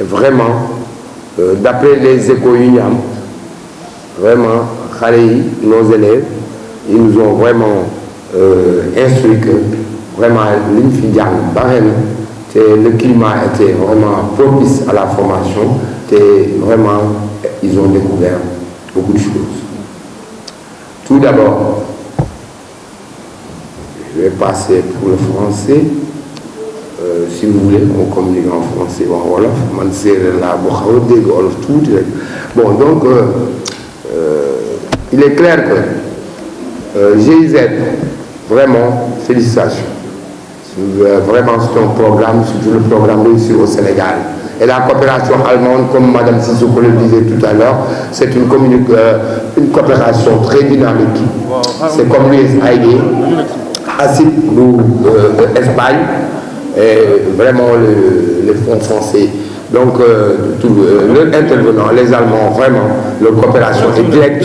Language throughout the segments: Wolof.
vraiment euh, d'après les échos yu ñu am vraiment xale yi nos élèves ils nous ont vraiment euh, que vraiment li ñu fi jàng bare na te le climat était vraiment propice à la formation te vraiment ils ont découvert beaucoup de choses tout d'abord je vais passer pour le français si vous voulez on communique en français wax wolof man séeréer laa boo xaw a donc il est clair que GIZ vraiment félicitations vraiment c'est programme surtout le programme réussi au Sénégal et la coopération allemande comme Madame Sissoko le disait tout à l'heure c'est une coopération très dynamique c'est comme l'USAID Espagne et vraiment les fonds français. Donc, euh, tout, euh, le intervenant, les Allemands, vraiment, leur coopération est directe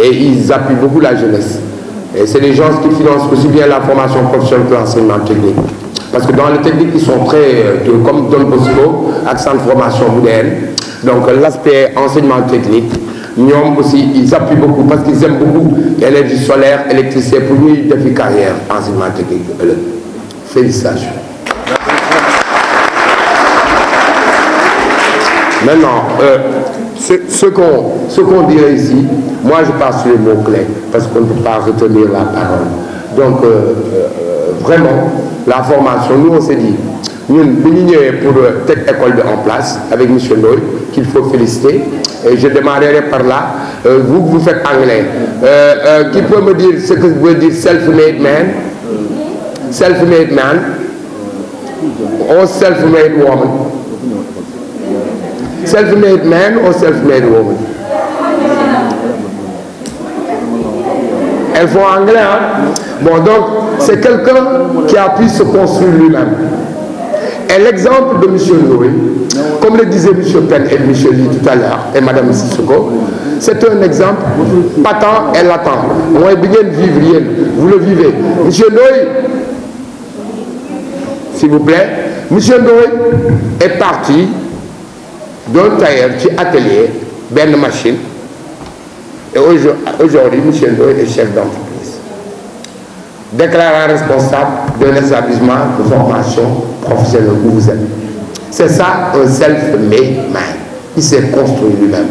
et ils appuient beaucoup la jeunesse. Et c'est les gens qui financent aussi bien la formation professionnelle que l'enseignement technique. Parce que dans les techniques, ils sont très, euh, de, comme Don Bosco, accent de formation moderne. Donc, l'aspect enseignement technique, ñoom aussi ils appuient beaucoup parce qu'ils aiment beaucoup l'énergie solaire électricité pour ñuy defi Maintenant, euh, ce, ce qu'on qu dirait ici, je passe sur les mots clés, parce qu'on ne peut pas retenir la parole. Donc, euh, euh, vraiment, la formation, nous on s'est dit, nous, nous pour cette euh, école en place, avec M. Loy, qu'il faut féliciter. Et je démarrerai par là. vous, vous faites anglais. qui peut dire self-made man Self-made man Or oh, self-made woman self-made man or self-made woman. Elles font anglais, donc, c'est quelqu'un qui a pu se construire lui-même. Et l'exemple de M. Noé, comme le disait M. Penn et M. Sissoko, c'est un exemple patent et latent. Moi, vivre, vous le vivez. M. Noé, s'il vous plaît, M. Noé est parti doon tailleur ci atelier benn machine et aujourd'hui monsieur Ndoye est chef d'entreprise déclarant responsable d'un établissement de formation professionnelle où vous êtes c'est ça un self-made man il s'est construit lui-même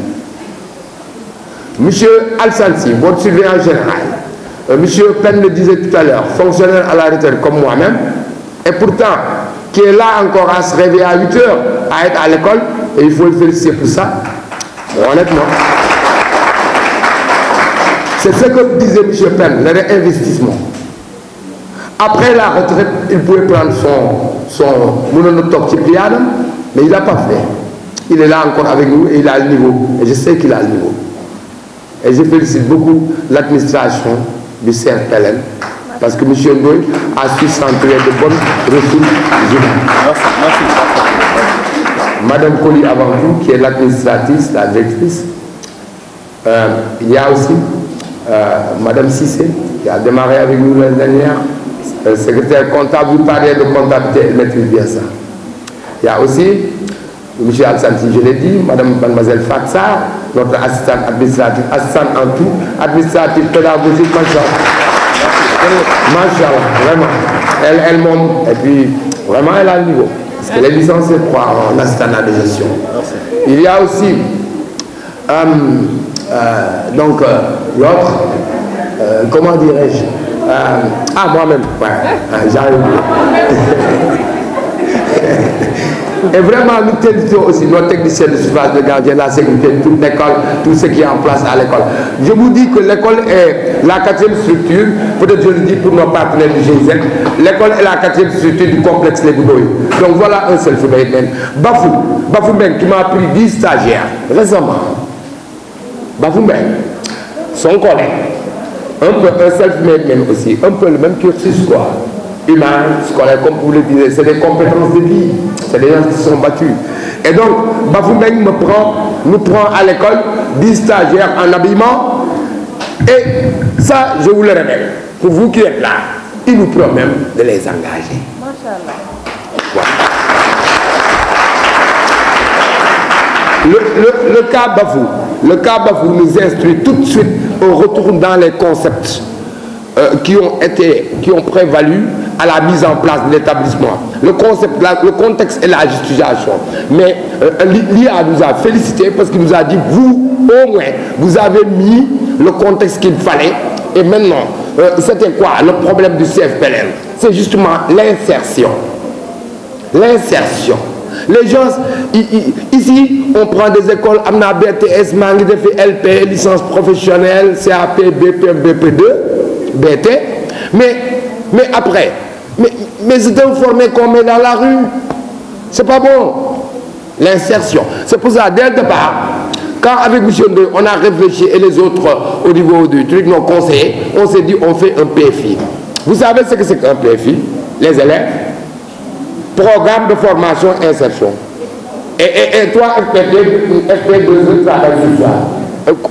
monsieur Alsansi votre surveillant général euh, monsieur Pène le disait tout à l'heure fonctionnaire à la retraite comme moi-même et pourtant qui est là encore à se réveiller à 8 heures à être à l'école et il faut le féliciter pour ça, honnêtement. C'est ce que disait M. Penn, le réinvestissement. Après la retraite, il pouvait prendre son, son mais il n'a pas fait. Il est là encore avec nous et il a le niveau. Et je sais qu'il a le niveau. Et je félicite beaucoup l'administration du CRPLN parce que M. Ndoye a su s'entourer de bonnes ressources humaines. Merci. Madame Colli avant vous, qui est l'administratrice, la directrice. Euh, il y a aussi euh, Madame Cissé, qui a démarré avec nous l'année dernière, euh, secrétaire comptable, vous parlez de comptabilité, elle maîtrise bien ça. Il y a aussi M. Al-Santi, je l'ai dit, Madame Mademoiselle Fatsa, notre assistante administrative, assistante en tout, administrative, pédagogique, machallah. Machallah, vraiment. Elle, elle monte, et vraiment, elle a le niveau. Parce que les licenciés croient en astana de gestion. Il y a aussi euh, euh, euh, l'autre, comment dirais-je Ah, moi-même, ouais, j'arrive. Et vraiment, nous félicitons aussi nos techniciens de surface de danger, la sécurité, toute l'école, tout ce qui est en place a l'école. Je vous dis que l'école est la quatrième structure, peut-être je le dis pour nos partenaires du GIZ, l'école est la quatrième structure du complexe Les Boudoyes. Donc voilà un seul Foudoy Ben. Bafou, Bafou Ben qui m'a pris 10 stagiaires récemment. Bafou Ben, son collègue, un peu un self-made man aussi, un peu le même cursus quoi. humain, scolaire, comme vous le disiez, c'est des compétences de vie, c'est des gens qui sont battus. Et donc, Bafoumeng me nous prend à l'école 10 stagiaires en habillement, et ça, je vous le rappelle, pour vous qui êtes là, il nous promet même de les engager. Le, cas Bafou, le cas Bafou nous instruit tout de suite au retour dans les concepts euh, qui ont été, qui à la mise en place de l'établissement. Le, concept, la, le contexte et la justification. Mais euh, l'IA nous a félicité parce qu'il nous a dit, vous, au moins, vous avez mis le contexte qu'il fallait. Et maintenant, euh, c'était quoi le problème du CFPLN C'est justement l'insertion. Les gens, ici, on prend des écoles, Amna BTS, Mangi, LP, licence professionnelle, CAP, BP, bp mais après, Mais, mais c'est informé qu'on met dans la rue. C'est pas bon. L'insertion. C'est pour ça, dès le départ, quand avec M. on a réfléchi et les autres au niveau du truc, nos conseillers, on s'est dit on fait un PFI. Vous savez ce que c'est qu'un PFI Les élèves Programme de formation insertion. Et, et, et toi, FP2, euh,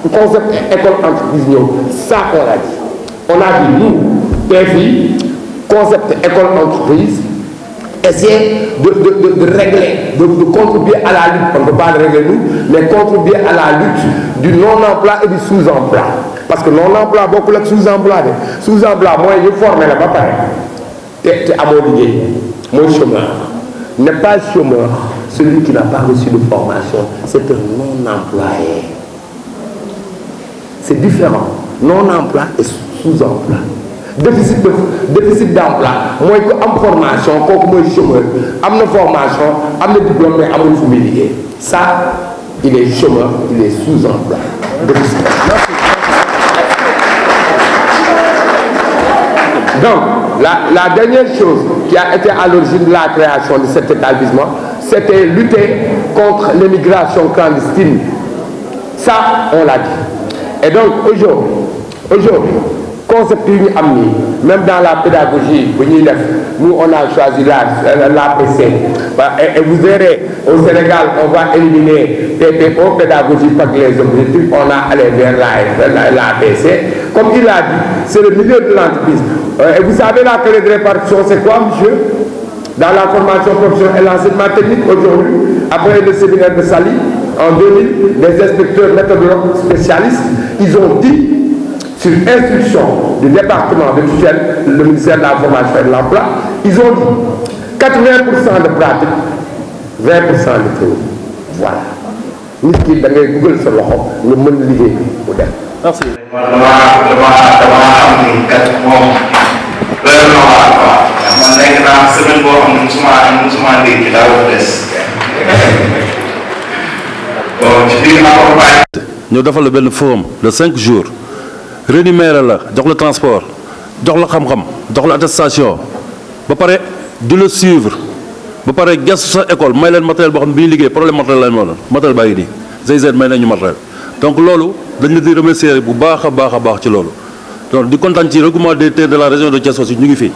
Concept école entreprise, ça on l'a dit. On a dit, nous, concept école entreprise essayer de, de, de, de régler, de, contribuer à la lutte, on ne peut pas régler nous, mais contribuer à la lutte du non-emploi et du sous-emploi. Parce que non-emploi, beaucoup de sous-emploi. Sous-emploi, moi, je forme là-bas pareil. Tu es à mon N'est pas chômeur celui qui n'a pas reçu de formation, c'est un non-employé. C'est différent. Non-emploi et sous-emploi. déficit de déficit d'emploi formation kooku mooy na formation am na diplôme mais sous-emploi déficit donc la la dernière chose qui a été à l'origine de la création de cet établissement c'était lutter contre l'immigration clandestine ça on l'a dit et donc aujourd'hui aujourd'hui concept yu ñu am dans la pédagogie bu ñuy def nous on a choisi la l'APC et vous verrez au Sénégal on va éliminer PPO pédagogie par les objectifs on a allé vers la l'APC comme il a dit c'est le milieu de l'entreprise euh, et vous savez la clé de répartition c'est dans la formation professionnelle et l'enseignement technique aujourd'hui après le séminaire de Sali en 2000 les inspecteurs méthodologues spécialistes ils ont dit sur instruction du département de tutelle, le ministère de l'emploi, ils ont dit de pratique, de théorie. Voilà. nit ki da loxo nga mën liggéey bi de jours. rémunéré la jox la transport jox la xam-xam jox la attestation ba pare di la suivre ba pare gestu sa école may leen matériel boo xam ne bi ñu liggéey problème matériel lañ moo matériel baa ngi nii GIZ may nañu matériel donc loolu dañ la di remercier bu baax a baax a baax ci loolu donc di kontaan ci regroupement des terres de la région de Thiès aussi ñu ngi fii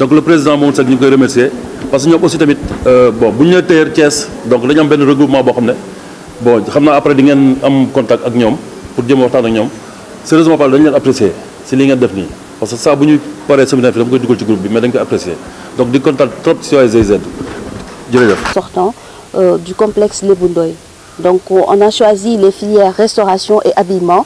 donc le président moom sax ñu koy remercier parce que ñoom aussi tamit euh, bon bu ñu nee terre Thiès donc dañu am benn regroupement boo xam ne bon xam naa après di ngeen am contact ak ñoom pour jëm waxtaan ñoom sérieusement parle dañu leen apprécier si li ngeen def nii parce que saa bu ñu paree séminaire euh, du complexe Lébou donc on a choisi les filières restauration et habillement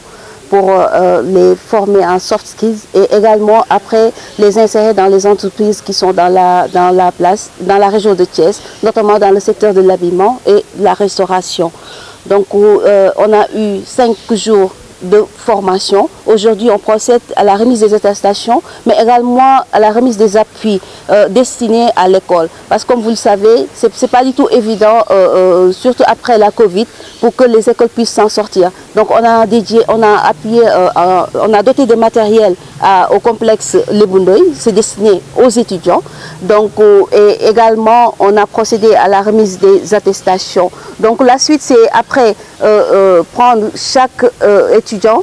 pour euh, euh, les former en soft skills et également après les insérer dans les entreprises qui sont dans la dans la place dans la région de Thiès notamment dans le secteur de l'habillement et la restauration donc euh, on a eu cinq jours de formation. Aujourd'hui, on procède à la remise des attestations, mais également à la remise des appuis euh, destinés à l'école. Parce que comme vous le savez, ce n'est pas du tout évident, euh, euh, surtout après la Covid, pour que les écoles puissent s'en sortir. Donc on a dédié, euh, doté de matériel à, au complexe Lebundoy, c'est destiné aux étudiants. Donc et également, on a procédé à la remise des attestations. Donc la suite, c'est après prendre chaque étudiant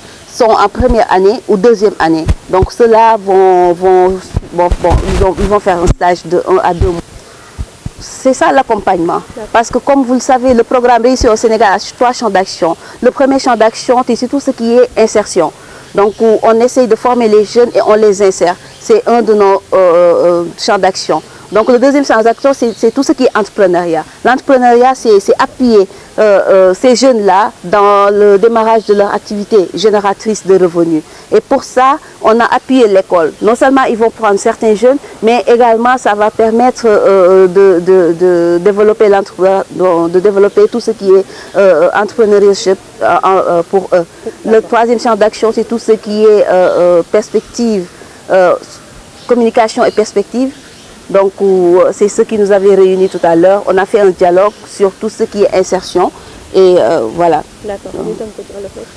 sont en première année ou deuxième année. Donc ceux-là vont, bon, bon, ils vont, ils vont faire un stage de C'est ça l'accompagnement. Parce que comme vous le savez, le programme réussi au Sénégal a trois champs d'action. Le premier champ d'action, c'est tout ce qui est insertion. Donc on essaye de former les jeunes et on les insère. C'est un de nos euh, euh, euh champs d'action. Donc le deuxième champ d'action, c'est tout ce qui est entrepreneuriat. L'entrepreneuriat, c'est appuyer Euh, euh, ces jeunes-là dans le démarrage de leur activité génératrice de revenus. Et pour ça, on a appuyé l'école. Non seulement ils vont prendre certains jeunes, mais également ça va permettre euh, de, de, de développer de développer tout ce qui est entrepreneurship pour eux. Le troisième champ d'action, c'est tout ce qui est perspective, communication et perspective Donc, euh, c'est ce qui nous avait réunis tout à l'heure. On a fait un dialogue sur tout ce qui est insertion. Et euh, voilà.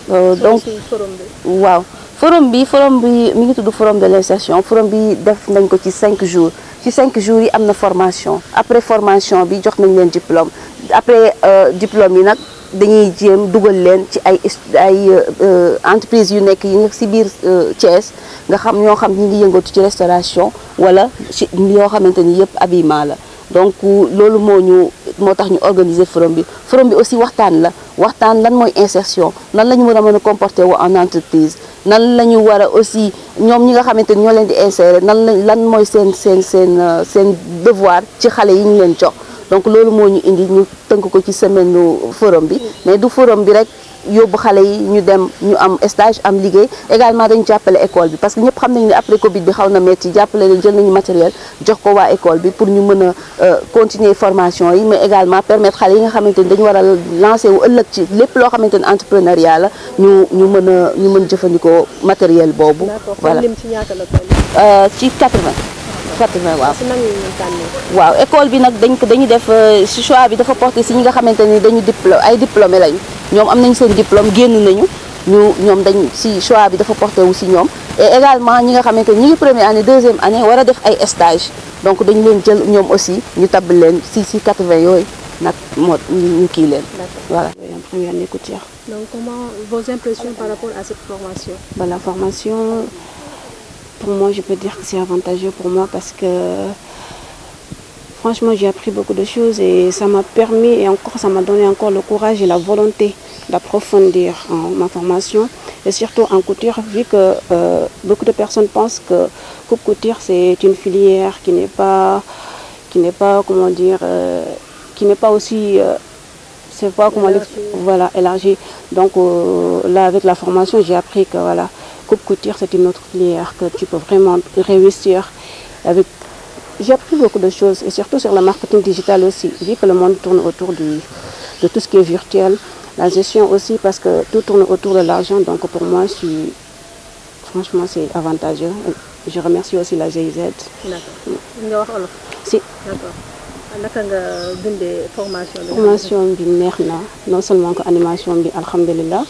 donc, euh, waaw forum bi forum bi mi ngi tudd forum de l'insertion forum bi def nañ ko ci cinq jours ci cinq jours yi am na formation après formation bi jox nañ leen diplôme après diplôme yi nag. dañuy jéem dugal leen ci ay ay euh, euh, entreprise yu nekk yi nga si biir euh, Thiès nga xam ñoo xam ñi ngi yëngatu ci restauration wala ci ñoo xamante ni yëpp habillement la donc loolu moo ñu moo tax ñu organiser forum bi forum bi aussi waxtaan la waxtaan lan mooy insertion nan la ñu war a mën a comporter wu en entreprise nan la ñu war a aussi ñoom ñi nga xamante ni ñoo leen di insérer nan la lan mooy seen seen seen seen devoir ci xale yi ñu leen jox donc loolu moo ñu indi ñu tënk ko ci semaine forum bi mais du forum bi rek yóbbu xale yi ñu dem ñu am stage am liggéey également dañu jàppale école bi parce que ñëpp xam nañu ne après Covid bi xaw na métti jàppale leen jël nañu matériel jox ko waa école bi pour ñu mën a euh, continuer formation yi mais également permettre xale yi nga xamante ni dañu war a lancer wu ëllëg ci lépp loo xamante ni entrepreneuriat la ñu ñu mën a ñu mën jëfandikoo matériel boobu. voilà ci 80. Fatima waaw. waaw bi nag dañ ko dañu def euh, si choix bi dafa porté si ñi nga xamante ni dañu diplôme ay diplômé lañu ñoom am nañ seen diplôme génn nañu ñu ñoom dañ si choix bi dafa porté wu si ñoom. et ñi nga xamante ni ñu ngi première année deuxième année war a def ay stage donc dañu leen jël ñoom aussi ñu tabb leen si si 80 yooyu nag moo ñu kii leen. voilà. donc comment vos impressions par rapport à cette formation. pour moi, je peux dire que c'est avantageux pour moi parce que franchement, j'ai appris beaucoup de choses et ça m'a permis et encore, ça m'a donné encore le courage et la volonté d'approfondir hein, ma formation et surtout en couture, vu que euh, beaucoup de personnes pensent que coupe couture c'est une filière qui n'est pas, qui n'est pas, comment dire, euh, qui n'est pas aussi euh, c'est pas comment élargie. voilà élargie donc euh, là avec la formation j'ai appris que voilà coupe couture, c'est une que tu peux vraiment réussir avec j'ai beaucoup de choses et surtout sur le marketing digital aussi, vu que le monde tourne autour de tout ce qui est virtuel. La gestion aussi, parce que tout tourne autour de l'argent, donc pour moi, c'est avantageux. Je remercie aussi la GIZ. D'accord. Ah, formation bi. formation neex na non seulement animation bi alhamdulilah.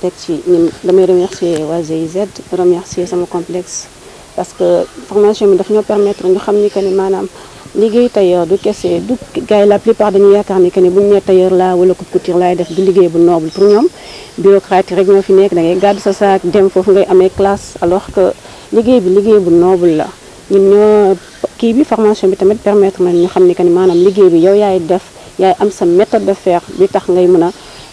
teg ci ñun damay remercier waa GIZ remercier sama complexe parce que formation bi daf ñoo permettre ñu xam ni que ni maanaam liggéey tailleur du kese du gars yi la plupart dañu yaakaar ni que ni bu ñu nee tailleur laa wala ko couture laay def du liggéey bu noble pour ñoom bureaucratie rek ñoo fi nekk da ngay sa saak dem foofu ngay amee classe alors que liggéey bi liggéey bu noble la ñu ñoo kii bi formation bi tamit permettre nañ ñu xam ni que ni maanaam liggéey bi yow yaay def yaay am sa méthode de faire bi tax ngay mën a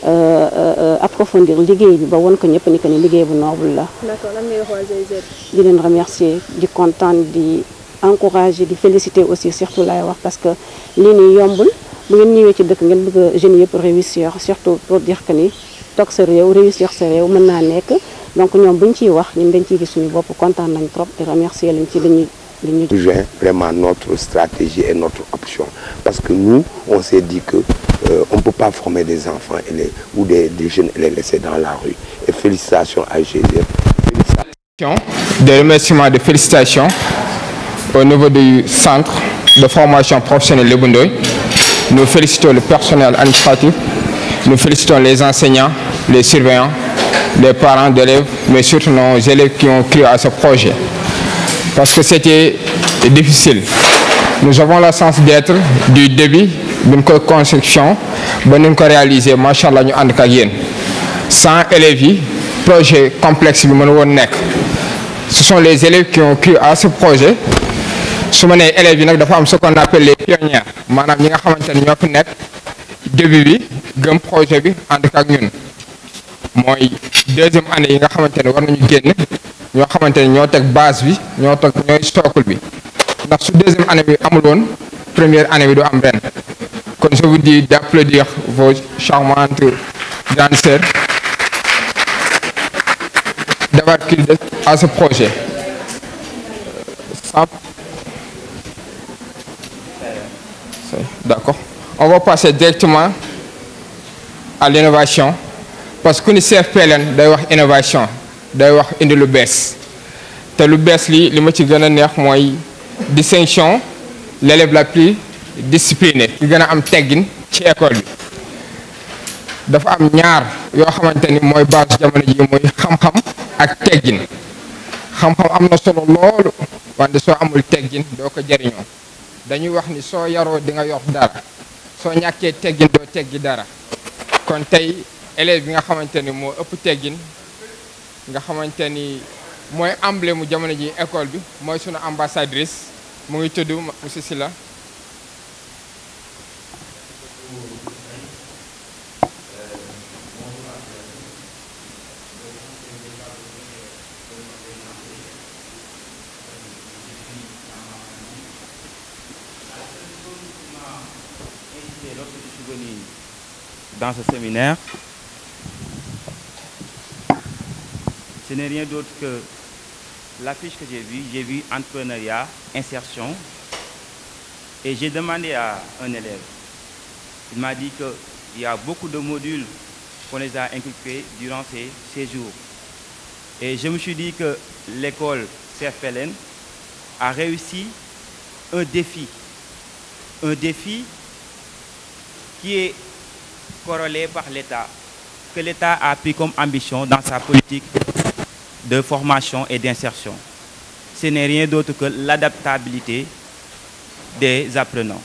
euh, euh, approfondir liggéey bi ba won ko ñëpp ni que ni liggéey bu noobul la. d'accord lan ngay wax waa GIZ. di leen di kontaan di encourager di féliciter aussi surtout laay wax parce que lii nii yombul bu ngeen ñëwee ci dëkk ngeen bëgg a jeunes yëpp réussir surtout pour dire que ni toog sa réew réussir sa réew mën naa nekk donc ñoom bu ñu ciy wax ñun dañ ciy gis suñu bopp kontaan nañ trop di remercier lañ ci dañuy. rejoint vraiment notre stratégie et notre option. Parce que nous, on s'est dit que euh, ne peut pas former des enfants les, ou des, jeunes les laisser dans la rue. Et félicitations à GDF. Félicitations. Des remerciements de félicitations au niveau du centre de formation professionnelle Lebundoy. Nous félicitons le personnel administratif, nous félicitons les enseignants, les surveillants, les parents d'élèves, mais surtout nos élèves qui ont cru à ce projet. parce que c'était difficile. Nous avons la chance d'être du début d'une construction ba ñu ko réaliser macha allah ñu ànd ak yéen sans élèves yi projet complexe bi mën woon nekk ce sont les élèves qui ont cru à ce projet su ma nee élèves yi nag dafa am ce qu'on appelle les pionniers ñi nga xamante ne ñoo fi nekk début bi gëm projet bi ànd ak ñun mooy deuxième année yi nga xamante ne war nañu génn. ñoo xamante ne ñoo teg base bi ñoo teg ñooy sookul bi ndax su deuxième année bi amul woon première année bi du am ren kon je vous dis d'applaudir vos charmantes grandes sœurs d'avoir cru à ce projet. D'accord. On va passer directement à l'innovation parce que nous day wax innovation. day wax indi lu bees te lu bees li li ma ci gën a neex mooy distinction l'élève la plus disciplinée ki gën a am teggin ci école bi dafa am ñaar yoo xamante ni mooy base jamono ji muy xam-xam ak teggin xam-xam am na solo loolu wante soo amul teggin doo ko jariñoo dañuy wax ni soo yaroo di nga yor dara soo ñàkkee teggin doo teggi dara kon tey élève bi nga xamante ni moo ëpp teggin nga xamante ni mooy emblème mu jamono ji école bi mooy sunu ambassadrice mu ngi tudd monsieur Sylla dans ce ce n'est rien d'autre que l'affiche que j'ai vue. J'ai vu entrepreneuriat, insertion. Et j'ai demandé à un élève. Il m'a dit qu'il y a beaucoup de modules qu'on les a inculqués durant ces, jours. Et je me suis dit que l'école CFLN a réussi un défi. qui est corrélé par l'État, que l'État a pris comme ambition dans sa politique de formation et d'insertion. Ce n'est rien d'autre que l'adaptabilité des apprenants.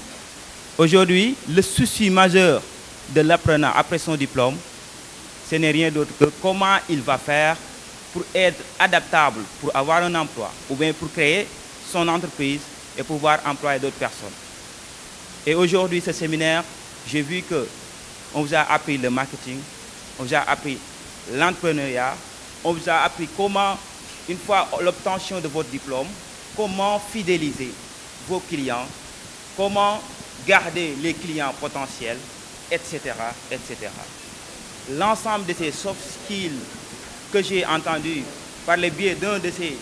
Aujourd'hui, le souci majeur de l'apprenant après son diplôme, ce n'est rien d'autre que comment il va faire pour être adaptable, pour avoir un emploi, ou bien pour créer son entreprise et pouvoir employer d'autres personnes. Et aujourd'hui, ce séminaire, j'ai vu que on vous a appris le marketing, on vous a appris l'entrepreneuriat, on vous a appris comment, une fois l'obtention de votre diplôme, comment fidéliser vos clients, comment garder les clients potentiels, etc. etc. L'ensemble de ces soft skills que j'ai entendus par le biais d'un de ces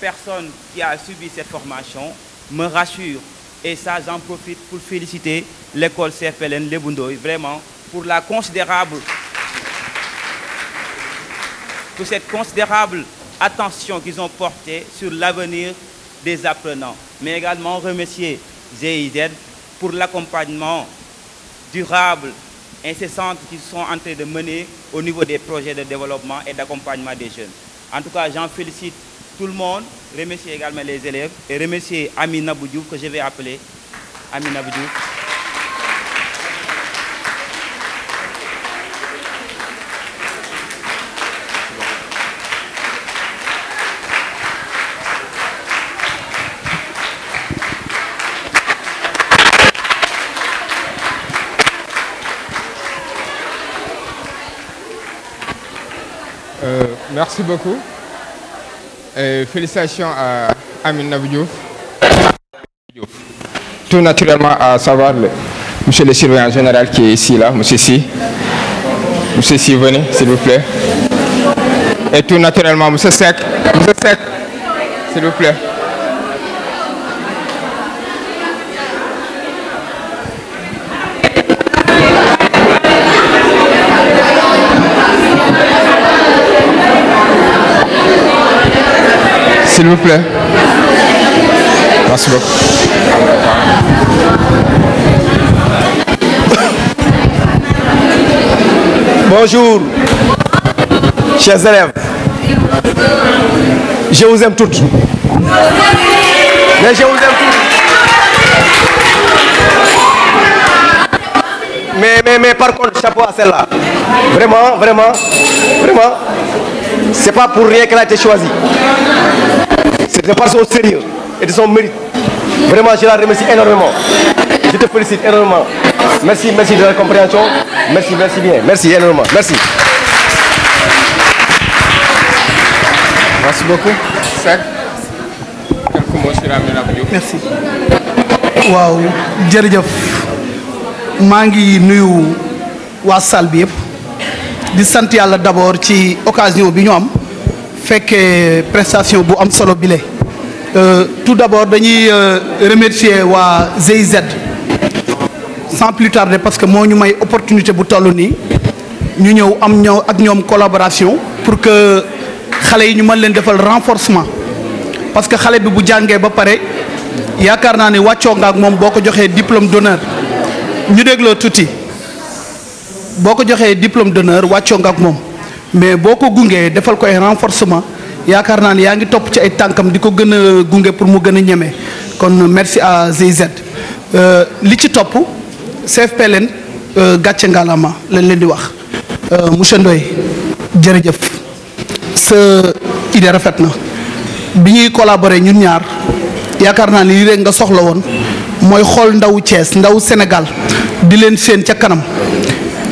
personnes qui a subi cette formation me rassure. Et ça, j'en profite pour féliciter l'école CFLN Lebundoy, vraiment, pour la considérable pour cette considérable attention qu'ils ont portée sur l'avenir des apprenants, mais également remercier GIZ pour l'accompagnement durable, incessant qu'ils sont en train de mener au niveau des projets de développement et d'accompagnement des jeunes. En tout cas, j'en félicite tout le monde, remercier également les élèves et remercier Amina Boudiou que je vais appeler Amina Boudiou. Merci beaucoup. Et félicitations à Amin Nabidjouf. Tout naturellement à savoir le, monsieur le surveillant général qui est ici, là, monsieur Si. Monsieur Si, venez, s'il vous plaît. Et tout naturellement, monsieur Sec. Monsieur Sec, s'il vous plaît. s'il vous plaît. Bonjour, chers élèves. Je vous aime toutes. Mais je vous aime toutes. Mais, par contre, chapeau à celle-là. Vraiment, vraiment, vraiment. C'est pas pour rien qu'elle a été choisie. C'était parce au sérieux et de son mérite. Vraiment, je la remercie énormément. Je te félicite énormément. Merci, merci de la compréhension. Merci, merci Merci énormément. Merci. Merci beaucoup. Seck. maa ngi nuyu waa salle bi yëpp di sant yàlla d'abord ci occasion bi ñu am. fekkee prestation bu am solo bile euh, tout d'abord dañuy euh, remercier waa GIZ sans plus tarder parce que moo ñu may opportunité bu toll nii ñu ñëw am ñoo ak ñoom collaboration pour que xale yi ñu mën leen defal renforcement parce que xale bi bu jàngee ba pare yaakaar naa ne wàccoo nga ak moom boo ko joxee diplôme d'honneur ñu dégloo tuuti boo ko joxee diplôme d'honneur wàccoo nga ak moom. mais boo ko gungee defal ko ay renforcement yaakaar naa ni yaa ngi topp ci ay tànkam di ko gën a gunge pour mu gën a ñeme kon merci à GIZ euh, li ci topp CFPLN euh, gàcce ngalaama lañ leen di wax euh, monsieur Ndoye jërëjëf sa idée rafet na bi ñuy collabore ñun ñaar yaakaar naa ni lii rek nga soxla woon mooy xool ndaw Thiès ndaw Sénégal di leen seen ca kanam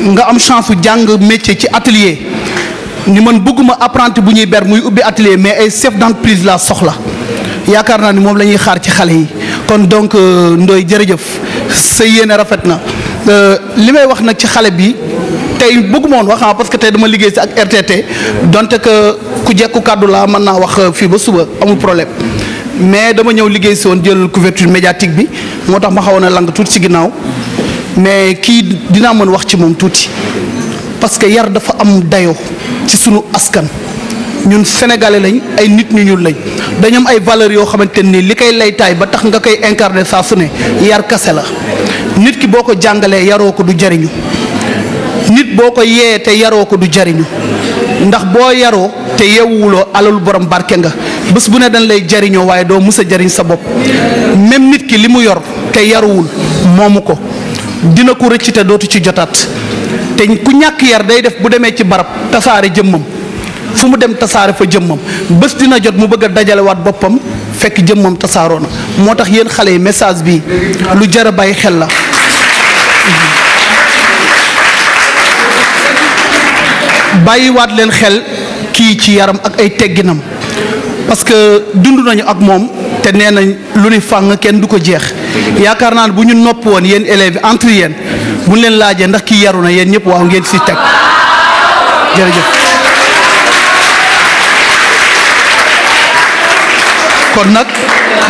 nga am chance su jàng métier ci atelier ni man bëgguma apprenti bu ñuy ber muy ubbi atelier mais ay chef d'entreprise laa soxla yaakaar naa ni moom la ñuy xaar ci xale yi kon donc euh, Ndoye jërëjëf sa yéene rafet na euh, li may wax nag ci xale bi tey bëgguma woon wax ah parce que tey dama liggéey si ak RTT donte que ku jekku kàddu laa mën naa wax euh, fii ba suba amul problème mais dama ñëw liggéey si woon jël couverture médiatique bi moo tax ma xawoon a lang tuuti si ginnaaw mais kii dinaa mën wax ci moom tuuti parce que yar dafa am dayoo. ci sunu askan ñun sénégalais lañ ay nit ñu ñuul lañ dañoom ay valeurs yoo xamante ni li koy laytaay ba tax nga koy incarner saa su ne yar kase la nit ki boo ko jàngalee yaroo ko du jariñu nit boo ko yee te yaroo ko du jariñu ndax boo yaroo te yeewuloo alalu borom barke nga bés bu ne dañ lay jariñoo waaye doo mus a jariñ sa bopp même nit ki li mu yor te yaruwul moomu ko dina ko rëcc te dootu ci jotaat. te ku ñàkk yar day def bu demee ci barab tasaare jëmmam fu mu dem tasaare fa jëmmam bés dina jot mu bëgg a dajalewaat boppam fekk jëmmam tasaaroo na moo tax yéen xale yi message bi lu jar a bàyyi xel la. bàyyiwaat leen xel kii ci yaram ak ay tegginam parce que dund nañu ak moom te nee nañ lu ni fàng kenn du ko jeex yaakaar naa ne bu ñu nopp woon yéen élève entre yéen. buñ leen laajee ndax kii yaru na yéen ñëpp waaw ngeen si teg jërëjëf. kon nag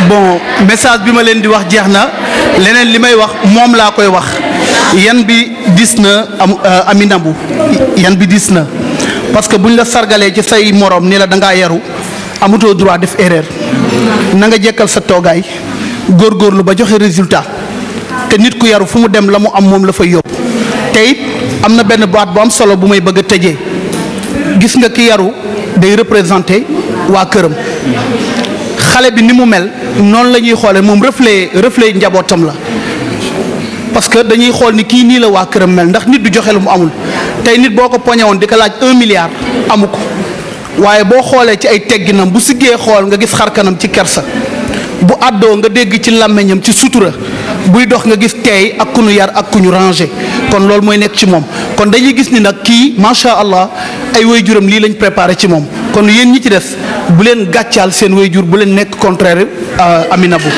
bon message bi ma leen di wax jeex na leneen li may wax moom laa koy wax yan bi dis na am euh, Amina bu yan bi dis na parce que buñ la sargalee ci say moroom ni la da ngaa yaru amatoo droit def erreur na nga jekkal sa toogaay góor góorlu ba joxe résultat. te nit ku yaru fu mu dem la mu am moom la fay yóbbu tey am na benn baat bu am solo bu may bëgg a tëjee gis nga ki yaru day représenté waa këram xale bi ni mu mel noonu la ñuy xoolee moom reflet reflet njabootam la parce que dañuy xool ni kii nii la waa këram mel ndax nit du joxe lu mu amul tey nit boo ko poñe woon di ko laaj un milliard amu ko waaye boo xoolee ci ay tegginam bu siggee xool nga gis xarkanam ci kersa bu àddoo nga dégg ci làmmiñam ci sutura buy dox nga gis teey ak ku ñu yar ak ku ñu rangé kon loolu mooy nekk ci moom kon dañuy gis ni nag kii macha allah ay way lii lañ préparé ci moom kon yéen ñi ci des bu leen gàccaal seen way jur bu leen nekk contraire euh, Amina bu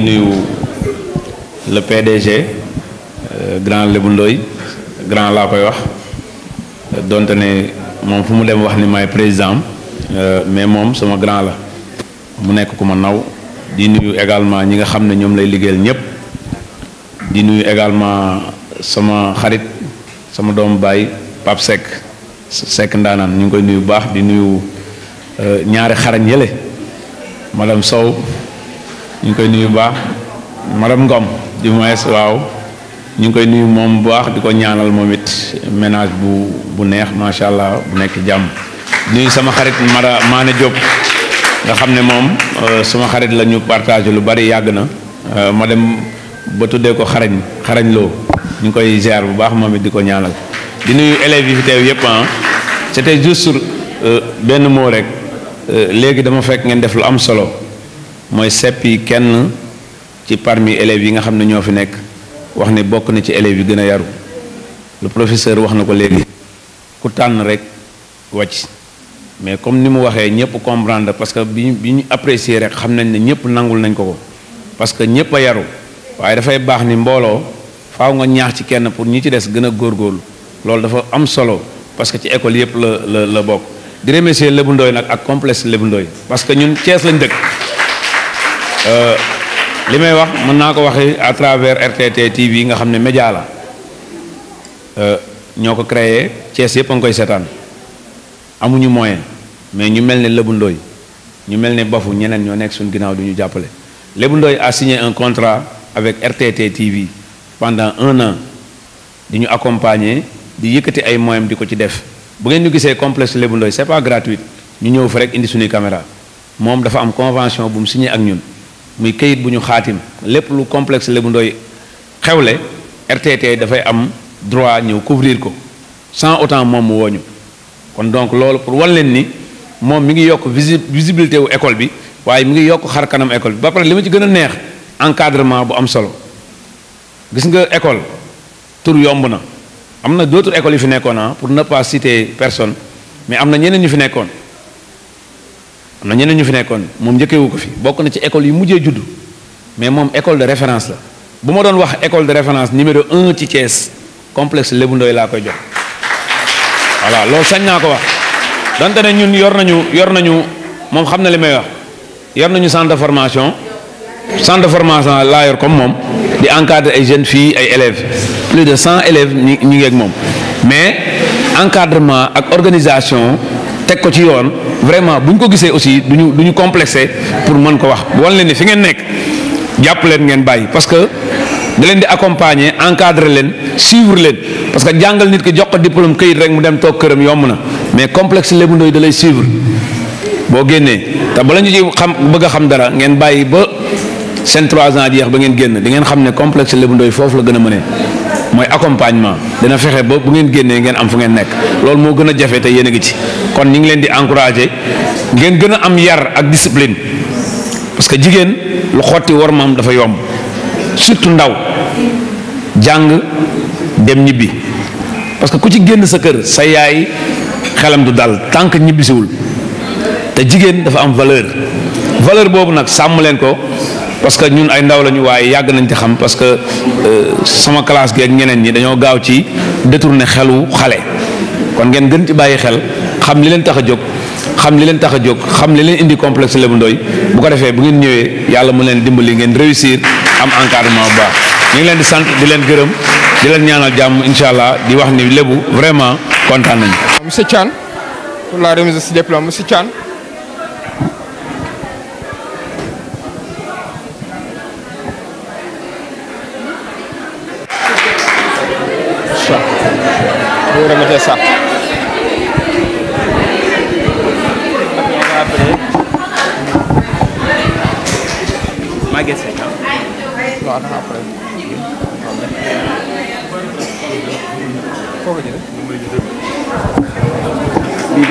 ngi nuyu le PDG euh, grand Lébu Ndoy grand laa koy wax donte ne moom fu mu dem wax ni maay président euh, mais moom sama grand la mu nekk ku ma naw di nuyu également ñi nga xam ne ñoom lay liggéeyal ñëpp di nuyu également sama xarit sama doomu baay Pape Seck Seck ndaanaan ñu ngi koy nuyu bu baax di nuyu euh, ñaari xarañ yële madame Sow ñu ngi koy nuyu baax madame Ngom di waaw ñu ngi koy nuyu moom bu baax di ko ñaanal moom it ménage bu bu neex macha allah bu nekk jàmm nuyu sama xarit mara Maane Diop nga xam ne moom euh, suma xarit la ñu partagé lu bari yàgg na euh, ma dem ba tuddee ko xarañ xarañ loo ñu ngi koy ziar bu baax moom it di ko ñaanal di nuyu élèves yi fi teew yëpp ah c'était juste euh, benn mot rek léegi dama fekk ngeen def lu am solo mooy seppi kenn ci parmi élèves yi nga xam ne ñoo fi nekk wax ne bokk na ci élève yi gën a yaru le professeur wax na ko léegi ku tànn rek wàcc mais comme ni mu waxee ñëpp comprendre parce que bi bi ñu apprécier rek xam nañ ne ñëpp nangul nañ ko ko parce que ñëpp a yaru waaye dafay baax ni mbooloo faw nga ñaax ci kenn pour ñi ci des gën a góorgóorlu loolu dafa am solo parce que ci école yëpp la la la bokk di remercier Lébu Ndoy nag ak complexe Lébu Ndoy parce Euh, li may wax mën naa ko waxee à travers RTT TV nga xam ne média la euh, ñoo ko créé Thiès yëpp nga koy setaan amuñu moyen mais ñu mel ne Lébu Ndoy ñu mel ne Bafu ñeneen ñoo nekk suñu ginnaaw du ñu jàppale Lébu Ndoy a signé un contrat avec RTT TV pendant un an di ñu accompagner di yëkkati ay moyens di ko ci def bu ngeen ñu gisee complexe Lébu Ndoy c'est pas gratuit ñu ñëw fa rek indi suñuy caméra moom dafa am convention bu mu signé ak ñun muy kayit bu ñu xaatim lépp lu complexe bu Ndoy xewle RTT dafay am droit ñëw couvrir ko sans autant moom mu wooñu kon donc loolu pour wan leen ni moom mi ngi yokk visibilité wu école bi waaye mi ngi yokk xar kanam école bi ba pare li ma ci gën a neex encadrement bu am solo gis nga école tur yomb na am na d'autres école yu fi nekkoon ah pour ne pas citer personne mais am na ñeneen ñu fi nekkoon am na ñeneen ñu fi nekkoon moom njëkkewu ko fi bokk na ci école yu mujjee juddu mais moom école de référence la bu ma doon wax école de référence numéro un ci Thiès complexe Lébu Ndoy laa koy jox voilà loolu sañ naa ko wax donte ne ñun yor nañu yor nañu moom xam na li may wax yor nañu centre de formation centre de formation laa yor comme moom di encadrer ay jeunes fii ay élèves plus de cent élèves ñi ñu ngi moom mais encadrement ak organisation teg ko ci yoon. vraiment bu ñu ko gisee aussi du ñu du pour mën ko wax wan leen ni fi ngeen nekk jàpp leen ngeen bàyyi parce que da leen di accompagner encadrer leen suivre leen parce que jàngal nit ki jox ko diplôme këyit rek mu dem toog këram yomb na mais complexe Lébu Ndoye da lay suivre boo génnee te bala ñu ci xam bëgg a xam dara ngeen bàyyi ba seen trois ans jeex ba ngeen génn di ngeen xam ne complexe Lébu Ndoye foofu la gën a mënee mooy accompagnement dana fexe ba ngeen génnee ngeen am fu ngeen nekk loolu moo gën a jafe te yéen a ngi ci. kon ñu ngi leen di encourager ngeen gën a am yar ak discipline parce que jigéen lu xotti war maam dafa yomb surtout ndaw jàng dem ñibbi parce que ku ci génn sa kër sa yaay xelam du dal tànk ñibbisiwul te jigéen dafa am valeur valeur boobu nag sàmm leen ko parce que ñun ay ndaw lañu waaye yàgg nañ ci xam parce que euh, sama classe gi ak ñeneen ñi dañoo gaaw ci ne xelu xale kon ngeen gën ci bàyyi xel. xam li leen tax a jóg xam li leen tax a jóg xam li leen indi complexe Lébu Ndoye bu ko defee bu ngeen ñëwee yàlla mu leen dimbali ngeen réussir am encadrement bu baax ñu ngi leen di sant di leen gërëm di leen ñaanal jàmm incha allah di wax ni Lébu vraiment kontaan nañu. monsieur Thiam pour la remise de ce diplôme monsieur Thiam.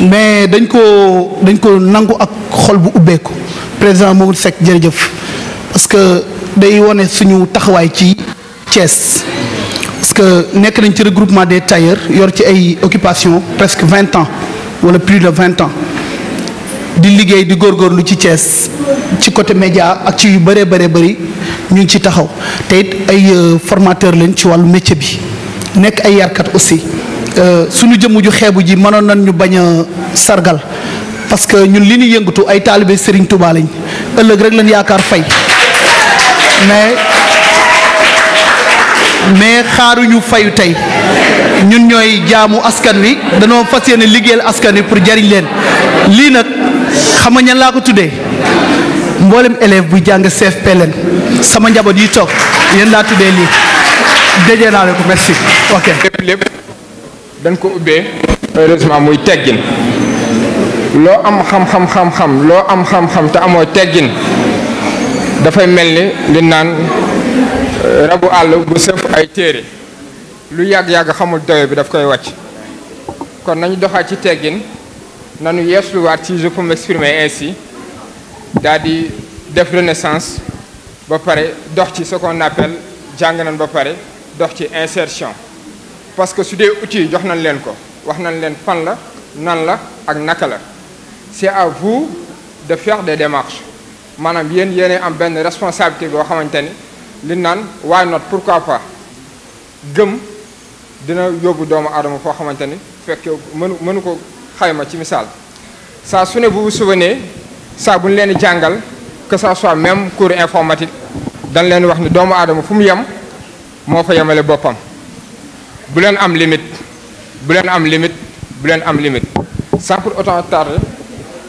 mais dañ ko dañ ko nangu ak xol bu ubbeeku président Mamadou set jërëjëf parce que day wane suñu taxawaay ci Thiès parce que nekk nañ ci regroupement des tailleurs yor ci ay occupation presque vingt ans wala plus de vingt ans di liggéey di góor góorgóorlu ci cees ci côté média ak ci yu bëree bëree bëri ñu ngi ci taxaw te it ay euh, formateur lañ ci wàllu métier bi nekk ay yarkat aussi Euh, suñu jëmm ju xeebu ji manoon nañ ñu bañ a sargal parce que ñun li ñu yëngatu ay taalibe sëriñ Touba lañ ëllëg rek lañ yaakaar fay mais mais xaaruñu fayu tey ñun ñooy jaamu askan wi danoo fas yéene liggéeyal askan wi pour jariñ leen lii nag xam nga ñan laa ko tuddee mboolem élève bu jàng CFP leen sama njaboot yi toog yéen laa tuddee lii déjee naa leen ko merci ok. lépp dañ ko ubbee heureusement muy teggin loo am xam-xam xam-xam loo am xam-xam te amoo teggin dafay mel ni lu naan euh, rabu àll bu sëf ay téere lu yàgg-yàgg xamul doyo bi daf koy wàcc kon nañu doxaat ci teggin nañu yeesluwaat si je peux m'exprimer ainsi daal di def renaissance ba pare dox ci ce qu'on jàng nañ ba pare dox ci insertion parce que su dee outils jox nañ leen ko wax nañ leen fan la nan la ak naka la c'est à vous de faire des démarches maanaam yéen yéene am benn responsabilité goo xamante ni li naan why not pourquoi pas gëm dina yóbbu doomu aadama foo xamante ni fekk mënu mënu ko xayma ci misaal saa su ne bu vous souvenez saa bu ñu leen jàngal que ça soit même cours informatique dañ leen wax ni doomu aadama fu mu yem moo fa yemale boppam bu leen am limite bu leen am limite bu leen am limite sans pour autant tarder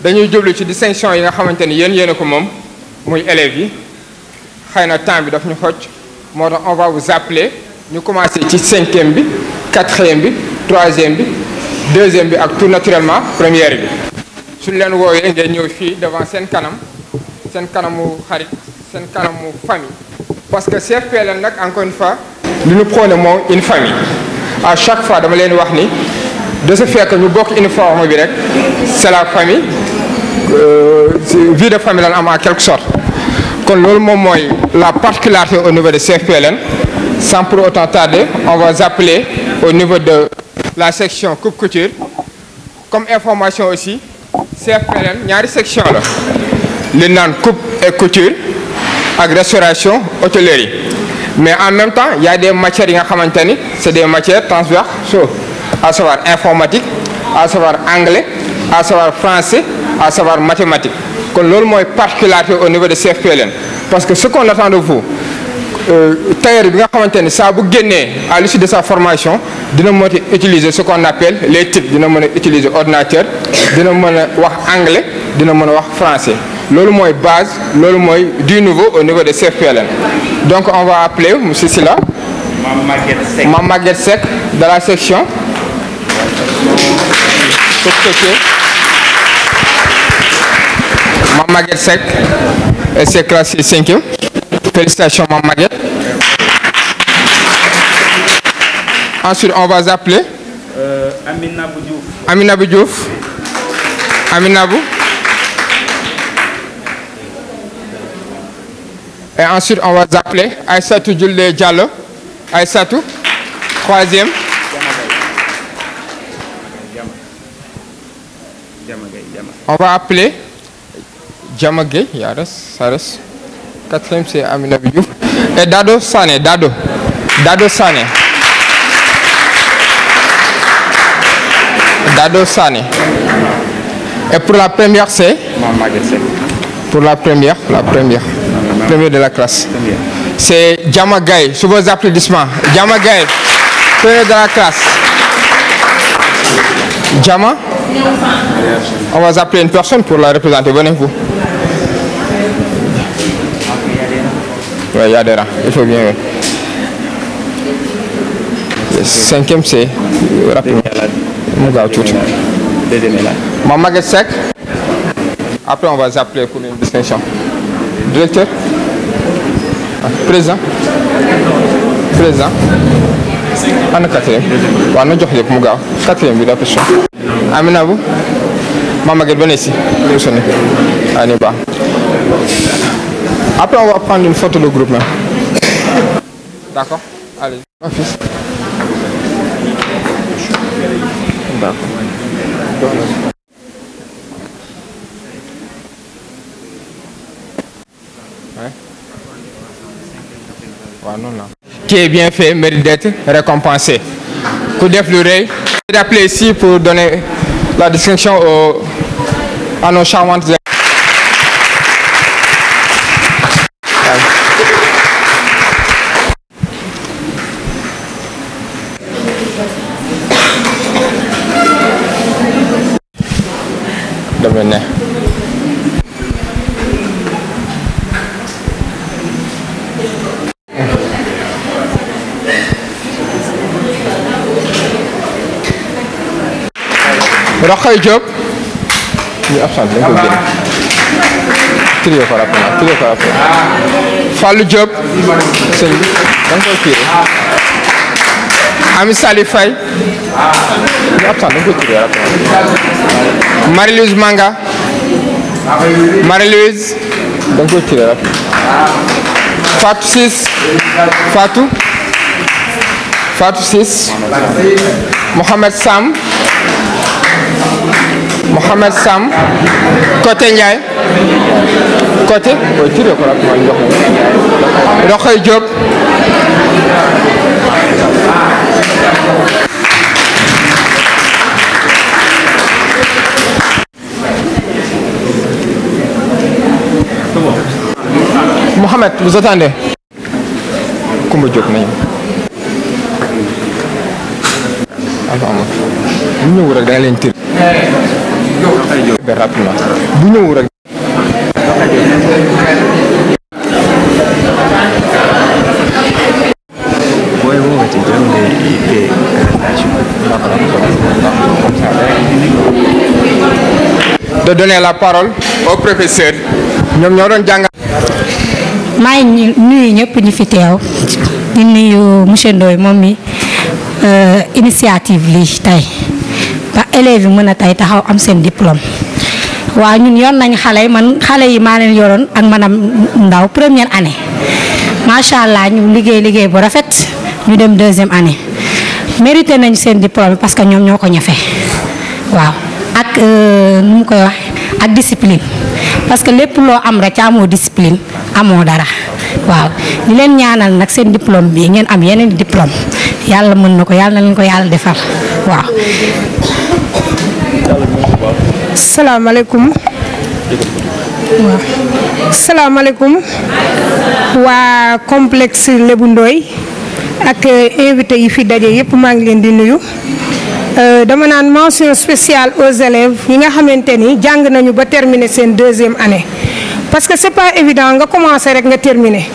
dañuy jublu ci distinction yi nga xamante ni yéen yéen ko moom muy élèves yi xëy na temps bi daf ñu xocc moo tax on va vous ñu commencé ci cinquième bi quatrième bi troisième bi deuxième bi ak tout naturellement première bi suñ leen woowee ngeen ñëw fii devant seen kanam seen kanamu xarit seen kanamu famille parce que CFP la nag encore une fois li ñu prôné moom une famille à chaque fois dama leen wax ni de ce fekk ñu bokk uniforme bi rek c'est la famille euh, vie de famille lan am en quelque sorte kon loolu moom mooy la particularité au niveau de CFPLN sans pour autant tarder on va appeler au niveau de la section coupe couture comme information aussi CFPLN ñaari section la li naan coupe et ak restauration hôtellerie mais en même temps il y a des matières yi nga xamante ni c'est des matières transversaux à savoir informatique à savoir anglais à savoir français à savoir mathématiques kon loolu mooy particularité au niveau de CFPLN parce que ce qu'on attend de vous euh, tailleur bi nga xamante ni saa bu génnee à l'issue de sa formation dina mën utiliser ce qu'on appelle les dina mën a utiliser ordinateur dina mën a wax anglais dina mën a wax français loolu mooy base loolu mooy du nouveau au niveau de CFPLM donc on va appeler monsieur Silla. Mame Maguette la section. Mame Maguette Seck c'est classé cinquième félicitations Mame ensuite on va appeler. Euh, Amina Bou Diouf Et ensuite, on va appeler Aïssatou Djoulé Diallo. Aïssatou, troisième. On va appeler Djamagé, Saras. Quatrième, c'est Amina Bidou. Et Dado Sane, Dado. Dado Sane. Dado Sane. Et pour la première, c'est Pour la première, la première. Premier de la classe. C'est Djamagaï, sous vos applaudissements. Djamagaï, premier de la classe. Djama On va appeler une personne pour la représenter. Venez-vous. Oui, il y Il faut bien. Oui. Cinquième, c'est. Sec. Après, on va appeler pour une distinction. directeur président président ana quatrième waaw na jox yëpp mu gaaw quatrième bi daa pression amina bu ma maguette venez ici vous sonnez ah ni baax après on va prendre une photo de groupe même d'accord allez ma fils d'accord qui est bien fait mérite d'être récompensé. Koudef Lurey, je suis appelé ici pour donner la distinction aux, à nos charmantes Dommage. Rokhaya Diop ñu absent dañ koy génn trio ko rappel naa trio ko rappel Fallou Diop sëñ bi da nga koy tiré Ami Sali Faye ñu absent dañ koy tiré rappel naa Marie-Louise Manga Marie-Louise da nga koy tiré rappel Fatou Ciss Fatou Fatou Ciss Mohamed Sam Mouhamed Sam côté Ndiaye côté Roxoy Diop Mohamed, vous attendez Kumba Diop nañu rapidement bu ñëw rek de donner la parole au professeur ñoom ñoo doon jàngal maa ngi nuyu ñëpp ñi fi teew di nuyu monsieur moom mi euh, initiative lii tey ba élèves yi mën a tey taxaw am seen diplôme waaw ñun yoon nañ xale yi man xale yi maa leen yoroon ak maanaam ndaw première année macha allah ñu liggéey liggéey bu rafet ñu dem deuxième année mérité nañ seen diplôme parce que ñoom ñoo ko ñafe waaw ak euh, nu mu koy wax ak discipline parce que lépp loo am rek ca amoo discipline amoo dara waaw ñu leen ñaanal nag seen diplôme bi ngeen am yeneen diplôme yàlla mën na ko yàlla na leen ko yàlla defal waaw salaamaaleykum. waaw salaamaaleykum waa complexe Lébu Ndoye ak eh, invité yi fi daje yëpp maa ngi leen di nuyu euh, dama naan mention spéciale aux élèves yi nga xamante ni jàng nañu ba terminer seen deuxième année parce que c'est pas évident nga commencer rek nga terminer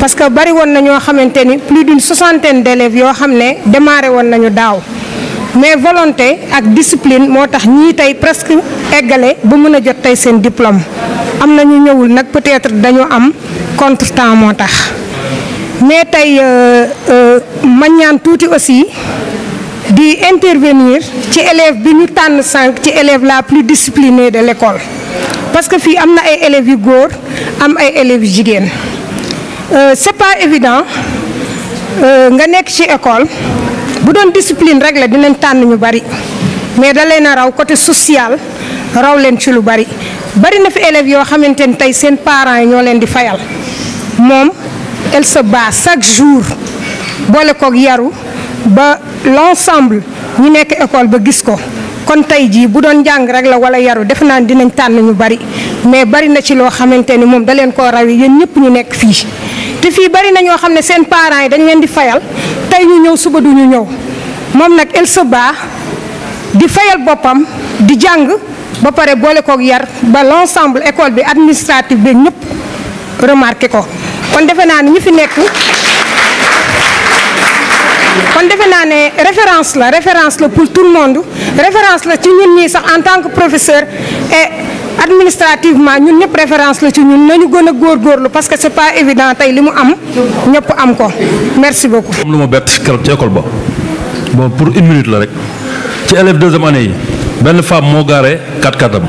parce que bari woon na ñoo xamante ni plus d'une soixantaine élèves yoo xam ne démarré woon nañu daaw. mais volonté ak discipline moo tax ñii tey presque eggale bu mën a jot tey seen diplôme am na ñu ñëwul nag peut-être dañoo am contretemps moo tax mais tey euh, euh, ma ñaan tuuti aussi di intervenir ci élève bi ñu tànn sànq ci élève la plus disciplinée de l'école parce que fii am na ay élèves yu góor am ay élèves yu jigéen euh, c'est pas évident nga nekk ci école bu doon discipline rek la dinañ tànn ñu bari mais da leen raw côté social raw leen ci lu bari bari na fi élèves yoo xamante ni tey seen parent yi ñoo leen di fayal moom elle se bat chaque jour boole kook yaru ba l'ensemble ñu nekk école ba gis ko kon tey jii bu doon jàng rek la wala yaru def naa dinañ tànn ñu bari mais bari na ci loo xamante ni moom da leen koo raw yi yéen ñëpp ñu nekk fii. te fii bari na ñoo xam ne seen parents yi dañ leen di fayal tey ñu ñëw suba du ñu ñëw moom nag elle se di fayal boppam di jàng ba pare boole kook yar ba l'ensemble école bi administrative bi ñëpp remarqué ko kon defe naa ne ñu fi nekk kon defe naa ne référence la référence la pour tout le monde référence la ci ñun ñii sax en tant que professeur et administrativement ñun ñëpp référence la ci ñun nañu gën a góorgóorlu parce que c' est pas évident tey li mu am ñëpp am ko merci beaucoup. am lu ma bett keroog ci école ba bon pour une minute la rek ci élève deuxième année yi benn femme moo gaaree kat katam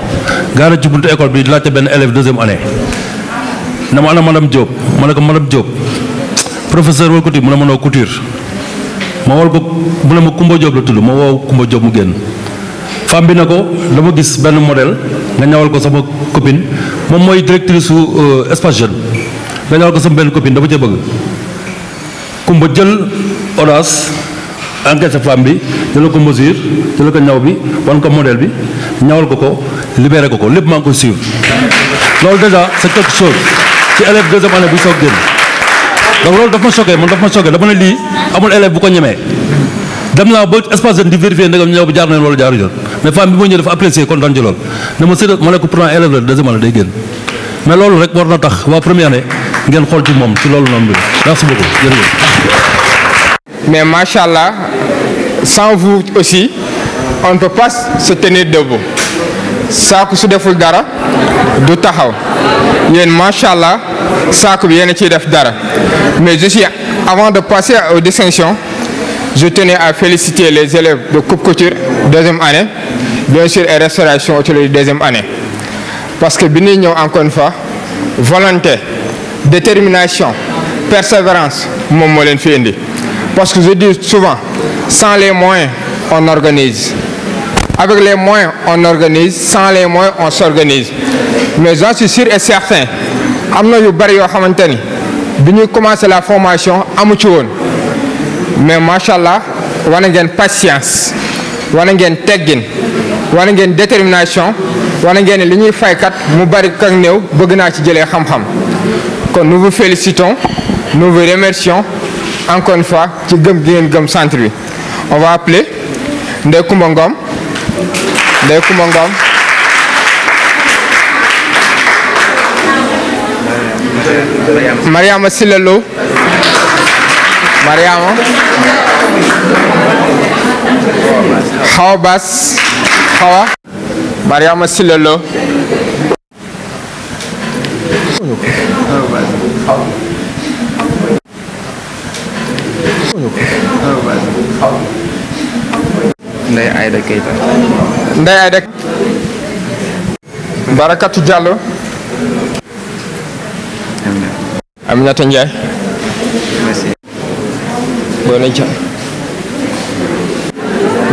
gaaree ci buntu école bi laajte benn élève deuxième année na ma ana madame jóob ma ne ko madame jóob professeur wal couture mu ne ma noo couture ma wal ko mu ne ma Kumba Diop la tudd ma woo Kumba Diop mu génn femme bi ne ko dama gis benn modèle. nga ñawal ko sama copine moom mooy directrice su euh, espace jeune nga ñawal ko sama benn copine dafa ca bëgg kumba jël audace enquête femme bi jëlal ko mesure jëlal ko ñaw bi wan ko modèle bi ñawal ko ko libéré ko ko lépp maa ngi koy suivre loolu déjà c'est quelque chose ci élève deuxième année bu soog génn donc loolu daf ma choqué man daf ma choqué dama ne lii amul élève bu ko ñemee dem naa ba espace jeune di vérifier ndegam ñaw bi jaar na loolu jaaru jot mais femme bi ma ñëw dafa apprécier kontaan ci loolu ne ma sérieux ma ne ko pourtant élève génn mais loolu rek war na tax waa première année ngeen xool ci moom ci loolu noonu bi merci beaucoup jërëjëf. mais macha allah sans vous aussi on ne peut pas se tenir debout saako su deful dara du taxaw yéen macha allah saako bi yéen a ciy def dara mais je avant de passer aux distinctions je tenais à féliciter les élèves de Coupe Couture deuxième année. bien sûr et restauration hôtellerie deuxième année parce que bi ñuy ñëw encore une fois volonté détermination persévérance moom moo leen fi indi parce que je dis souvent sans les moyens on organise avec les moyens on organise sans les moyens on s'organise mais j'en suis sur et certain am na yu bari yoo xamante ni bi ñuy commencé la formation amu ci woon mais macha allah a ngeen patience wane ngeen teggin. wane ngeen détermination wane ngeen li ñuy faykat mu bari ak néew bëgg naa ci jëlee xam-xam kon nous vous félicitons nous vous remercions encore une ci gëm gëm centre bi on va appeler Ndeye Koumba Ngom Ndeye Koumba Ngom Mariama Silalo Mariama Xawa Baas Awa Mariama Sylla Lo Ndeye Aïda Keita Ndeye Aïda Barakatou Diallo Aminata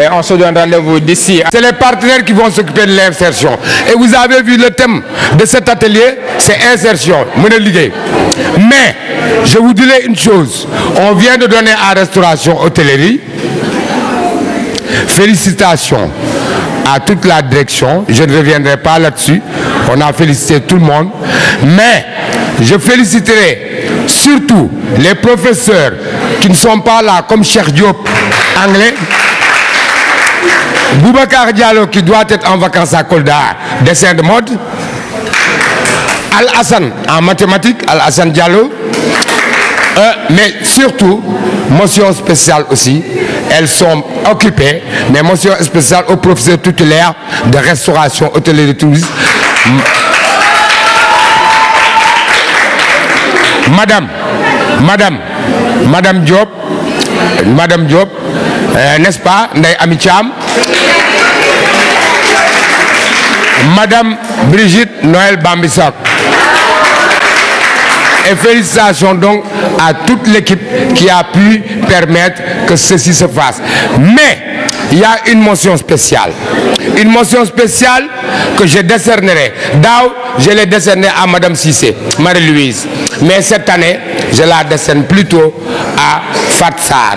mais on se donne rendez-vous d'ici. C'est les partenaires qui vont s'occuper de l'insertion. Et vous avez vu le thème de cet atelier, c'est insertion, monoligué. Mais, je vous dirai une chose. On vient de donner à Restauration Hôtellerie. Félicitations à toute la direction. Je ne reviendrai pas là-dessus. On a félicité tout le monde. Mais je féliciterai surtout les professeurs qui ne sont pas là, comme Cheikh Diop, anglais. Boubacar Diallo qui doit être en vacances à Kolda, dessin de mode. Al Hassan en mathématiques, Al Hassan Diallo. Euh, mais surtout, motion spéciale aussi, elles sont occupées, mais motion spéciale au professeur tutélaire de restauration hôtelier de tourisme. Madame, Madame, Madame Diop, Madame euh, n'est-ce pas, Ndeye Amicham, Madame Brigitte Noël Bambissak. Et félicitations donc à toute l'équipe qui a pu permettre que ceci se fasse. Mais il y a une mention spéciale. Une mention spéciale que je décernerai. Dao, je l'ai décernée à Madame Cissé, Marie-Louise. Mais cette année, je la décerne plutôt à Fatsar.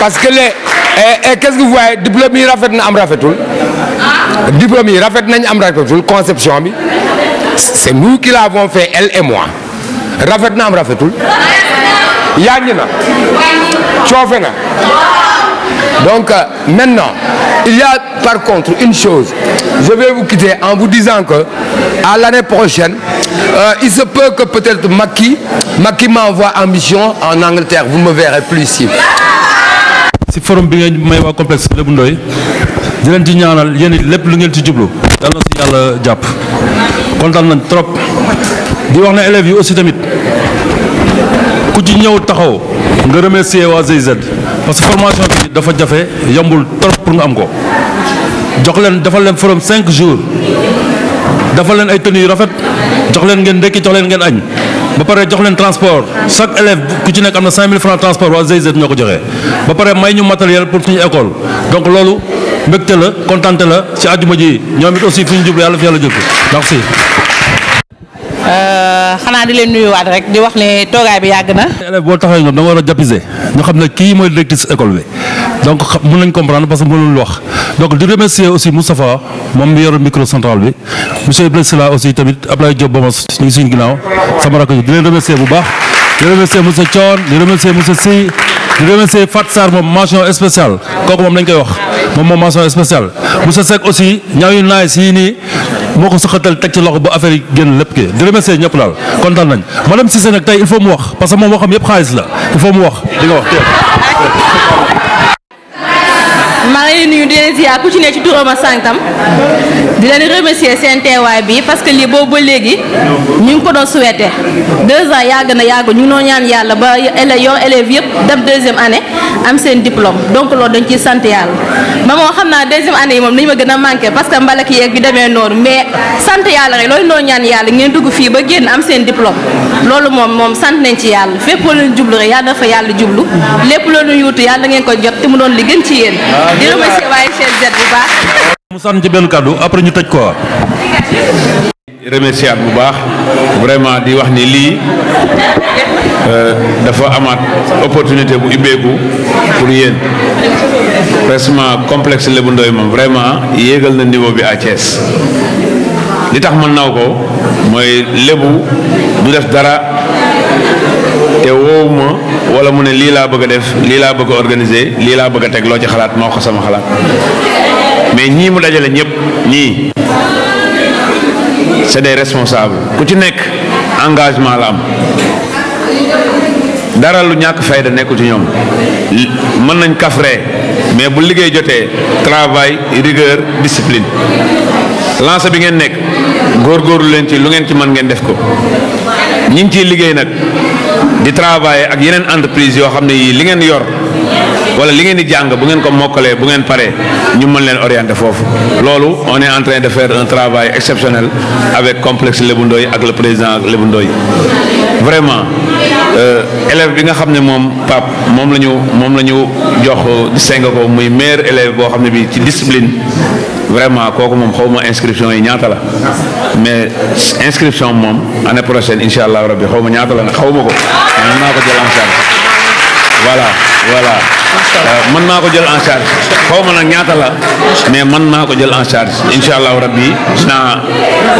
parce que le et eh, eh, qu'est-ce que vous voyez rafet na am rafetul diplôme yi rafet nañ am rafetul conception bi c'est nous qui l'avons fait elle et moi rafet na am rafetul yaaññi na coofe na donc euh, maintenant il y a par contre une chose je vais vous quitter en vous disant que à l'année prochaine euh, il se peut que peut-être Macky Macky m'envoie en mission en Angleterre vous me verrez plus ici si forum bi nga may waa complexe Lébu Ndoye di leen ci ñaanal yéen lépp lu ngeen ci jublu yàlla na si yàlla jàpp kontaan nañ trop di wax na élèves yi aussi tamit ku ci ñëw taxaw nga remercier waa GIZ parce que formation bi dafa jafe yombul trop pour nga am ko jox leen defal leen forum 5 jours defal leen ay tenues yu rafet jox leen ngeen ndekki jox leen ngeen añ ba paree jox leen transport chaque élève ku ci nekk am na 5000 francs transport waa GIZ ñoo ko joxe ba pare may ñu matériel pour suñu école donc loolu mbégte la kontaante la ci àjjuma ji ñoom it aussi fu ñu jublu yàlla fi yàlla jublu merci. Euh, xanaa di leen nuyuwaat rek di wax ne toogaay bi yàgg na. boo taxawee ñoom da war a jàppise ñu xam ne kii mooy directrice école bi donc xam mën nañ comprendre parce que mënul wax di remercier aussi Moustapha moom mi yor micro central bi monsieur Ibrahima Sylla aussi tamit Ablaye Diop Bomos ñu suñu ginnaaw sama rakk di leen remercier bu baax di remercier monsieur Thion di remercier monsieur Sy di remercier Fatou Sarr moom mention spéciale kooku moom lañ moo ko soxatal teg ci loxo ba affaire yi génn lépp kii di remercier ñëpp daal kontaan nañ madame Cissé nag tey il faut mu wax parce que moom waxam yëpp xaalis la il faut mu wax di nga wax maa ngi leen nuyu di leen ziar ku ci ne ci turam ak santam di leen remercier seen teewaay bi parce que lii boobu ba léegi ñu ngi ko doon souhaité deux ans yàgg na yàgg ñu noo ñaan yàlla ba élèves yor élèves yëpp def deuxième anne am seen diplôme donc loolu dañ ciy sant yàlla. ma moo xam naa deuxième anne yi moom dañu ma gën a manqué parce que mbalak yeeg yu demee noonu mais sant yàlla rek loolu doon ñaan yàlla ngeen dugg fii ba génn am seen diplôme loolu moom moom sant nañ ci yàlla fépp loolu jublu rek yàlla dafa yàlla jublu te mu doon li gën ci yéen. Ah, di remercier waaye chaîne Z baax. mu sànni ci benn kàddu après ñu tëj ko remercier bu baax vraiment di wax ni lii euh, dafa amaat opportunité bu ibbeeku pour yéen pressement complexe Lébu Ndoye moom vraiment yéegal na niveau bi à Thiès li tax man naw ko mooy lébu du def dara te woowu wala mu ne lii laa bëgg a def lii laa bëgg a organiser lii laa bëgg a teg loo ci xalaat moo ko sama xalaat mais ñii mu dajale ñëpp ñii c'est des responsables ku ci nekk engagement la am dara lu ñàkk fayda nekkul ci ñoom mën nañ kafre mais bu liggéey jotee travail rigueur discipline lancé bi ngeen nekk góor leen ci lu ngeen ci mën ngeen def ko ñi ngi ciy liggéey nag di travailler ak yeneen entreprise yoo xam ne yii li ngeen yor wala li ngeen di jàng bu ngeen ko mokkalee bu ngeen paree ñu mën leen orienter foofu loolu on est en de faire un travail exceptionnel avec complexe Lébu ak le président Lébu Ndoye vraiment euh, élève bi nga xam ne moom Pape moom la ñu moom la ñu jox euh, distingue ko muy meilleur élève boo xam ne bi ci discipline vraiment kooku moom xaw ma inscription yi ñaata la mais inscription moom année prochaine incha allah rabbi xaw ma ñaata la nag xaw ma ko mën naa ko jël en charge voilà voilà euh, mën naa ko jël en charge xaw ma nag ñaata la mais man naa ko jël en charge incha allah rabbi dinaa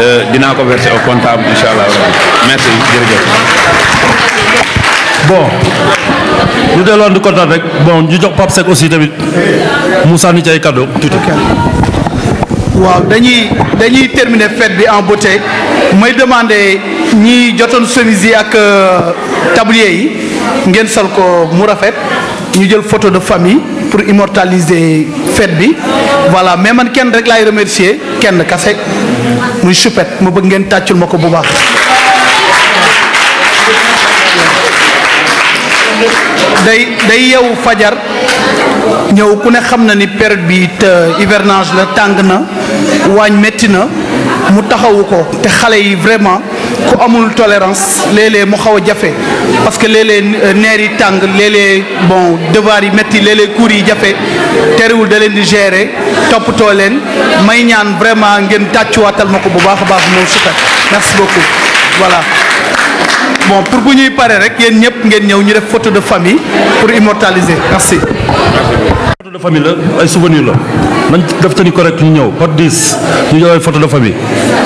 euh, dinaa ko verser o comptable incha allah rabbi merci jërëjëf. bon ñu delloon di kontaan rek bon ñu jox Pape aussi tamit mu sànni ci ay waaw dañuy dañuy terminer fête bi en beauté may demander ñi jotoon chemise yi ak euh, tablier yi ngeen sol ko mu rafet ñu jël photo de famille pour immortaliser fête bi voilà mais man kenn rek laay remercier kenn kase muy Choupette mu bëgg ngeen tàccul ma ko bu baax. day day yeewu fajar ñëw ku ne xam na ni période bi hivernage la tàng na. waañ métti na mu taxawu ko te xale yi vraiment ku amul tolérance léeg mu xaw a jafe parce que léeg-léeg euh, neer yi tàng léeg bon devoir yi métti léeg-léeg cours yi jafe terewul da leen di gérer toppatoo leen may ñaan vraiment ngeen tàccuwaatal ma ko bu baax a baax moom super merci beaucoup voilà bon pour bu ñuy pare rek yéen ñëpp ngeen ñëw ñu def photo de famille pour immortaliser merci photo de famille la ay souvenir la nañ def tenue correct ñu ñëw par 10 ñu ñëw ay photo de famille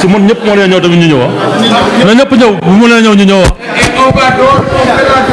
su mën ñëpp moo leen ñëw tamit ñu ñëw ah na ñëpp ñëw bu mu leen ñëw ñu ñëw ah.